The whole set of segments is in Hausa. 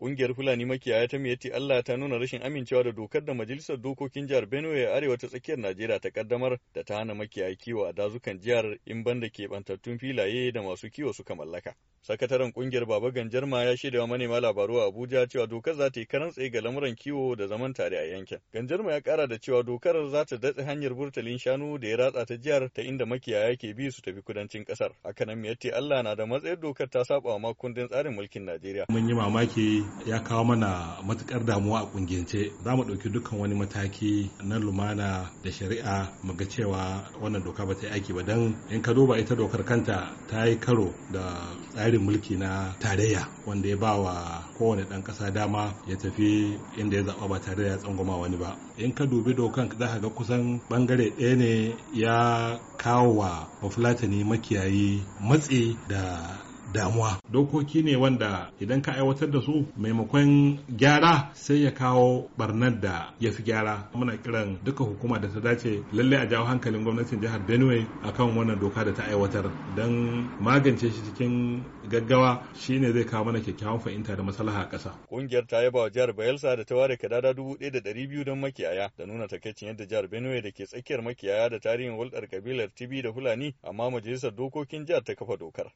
Ƙungiyar Fulani makiyaya ta Miyati Allah ta nuna rashin amincewa da dokar da Majalisar Dokokin Jihar Benue a arewa ta tsakiyar Najeriya ta kaddamar da ta hana makiyaya kiwo a dazukan jihar in banda keɓantattun filaye da masu kiwo suka mallaka. Sakataren kungiyar Baba ma ya shaidawa manema labaru a Abuja cewa dokar za ta yi karan tsaye ga lamuran kiwo da zaman tare a yankin. Ganjarma ya kara da cewa dokar za ta datse hanyar burtalin shanu da ya ratsa ta jihar ta inda makiyaya ke bi su tafi kudancin kasar. Hakanan miyatti Allah na da matsayin dokar ta saba wa kundin tsarin mulkin Najeriya. Mun yi mamaki ya kawo mana matukar damuwa a kungiyance. Za mu ɗauki dukkan wani mataki na lumana da shari'a mu ga cewa wannan doka ba ta yi aiki ba dan in ka duba ita dokar kanta ta yi karo da tsari tsarin mulki na tarayya wanda ya ba wa kowane ɗan ƙasa dama ya tafi inda ya zaɓa ba tare da ya tsangwama wani ba in ka dubi dokan za ka ga kusan ɓangare ɗaya ne ya kawo wa bafulatani makiyayi matsi da damuwa dokoki ne wanda idan ka aiwatar da su maimakon gyara sai ya kawo barnar da ya fi gyara muna kiran duka hukuma da ta dace lalle a jawo hankalin gwamnatin jihar benue akan wannan doka da ta aiwatar don magance shi cikin gaggawa shine zai kawo mana kyakkyawan fahimta da maslaha a ƙasa ƙungiyar ta yaba wa jihar bayelsa da ta ware kadada dubu ɗaya da ɗari biyu don makiyaya da nuna takaicin yadda jihar benue da ke tsakiyar makiyaya da tarihin hulɗar kabilar tibi da fulani amma majalisar dokokin jihar ta kafa dokar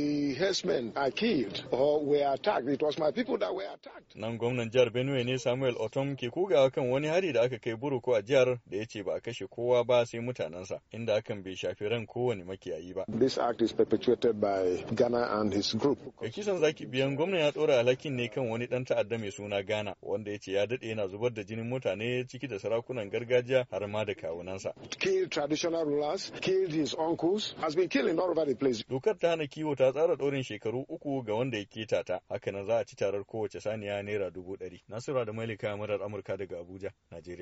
the herdsmen are killed or were attacked. It was my people that were attacked. Nan gwamnan jihar Benue ne Samuel Otom ke kugawa kan wani hari da aka kai buruku a jihar da ya ce ba a kashe kowa ba sai mutanensa inda hakan bai shafi ran kowane makiyayi ba. This act is perpetuated by Ghana and his group. Da kisan zaki biyan gwamnan ya tsora alhakin ne kan wani dan ta'adda mai suna Ghana wanda ya ce ya daɗe yana zubar da jinin mutane ciki da sarakunan gargajiya har ma da kawunansa. Killed traditional rulers, killed his uncles, has been killing all over the place. Dokar ta hana kiwo ta tsara ɗaurin shekaru uku ga wanda ya keta ta hakanan za a ci tarar kowace saniya naira dubu ɗari nasura da malika murar amurka daga abuja najeriya